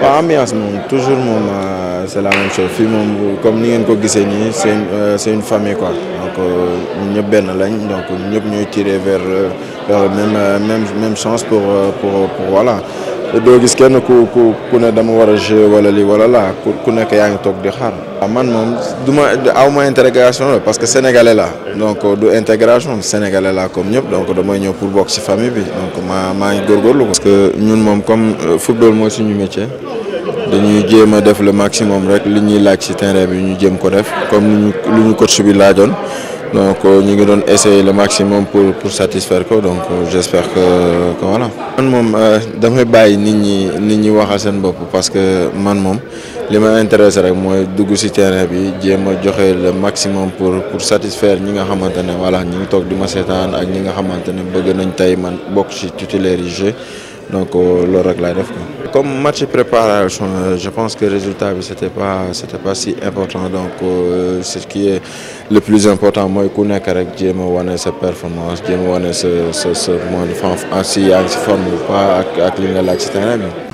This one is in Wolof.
waaw ambiance mon toujours mon euh, c'est la même chose fii mon comme ni ngeen ko gisee nii c'est euh, c'est une famille quoi donc euh, ñun ñëpp benn lañ donc ñun ñëpp ñooy tirer vers vers même même même chance pour pour pour voilà. doo gis kenn ku ku ku ne dama war a jouer wala lii wala laa ku ku nekk yaa ngi toog di xaar. Ah, man moom duma ma aw ma intégration la parce que sénégalais la donc du intégration sénégalais la comme ñëpp donc damay ñëw pour bokk ci famille bi donc maa maa ngi góorgóorlu ko. parce que ñun moom comme euh, football mooy suñu métier dañuy jéem a def le maximum rek li ñuy laaj ci terrain bi ñu jëm ko def comme lu ñu coach bi laajoon. Donc euh, ñu ngi doon essayer le maximum pour pour satisfaire ko donc euh, j'espère que que voilà. man moom euh, damay bàyyi nit ñi nit ñi parce que man moom li ma intéressé rek mooy dugg ci terrain bi jéem a le maximum pour pour satisfaire ñi nga xamante voilà ñi ngi toog di ma seetaan ak ñi nga xamante bëgg nañ tey man bokk ci titulaire jeu donc le règle def comme match préparation je pense que le résultat c'était pas pas si important donc ce qui est le plus important moi, je connais avec jéem a sa performance jéem a ce ce monde de moom fan pas ak ak la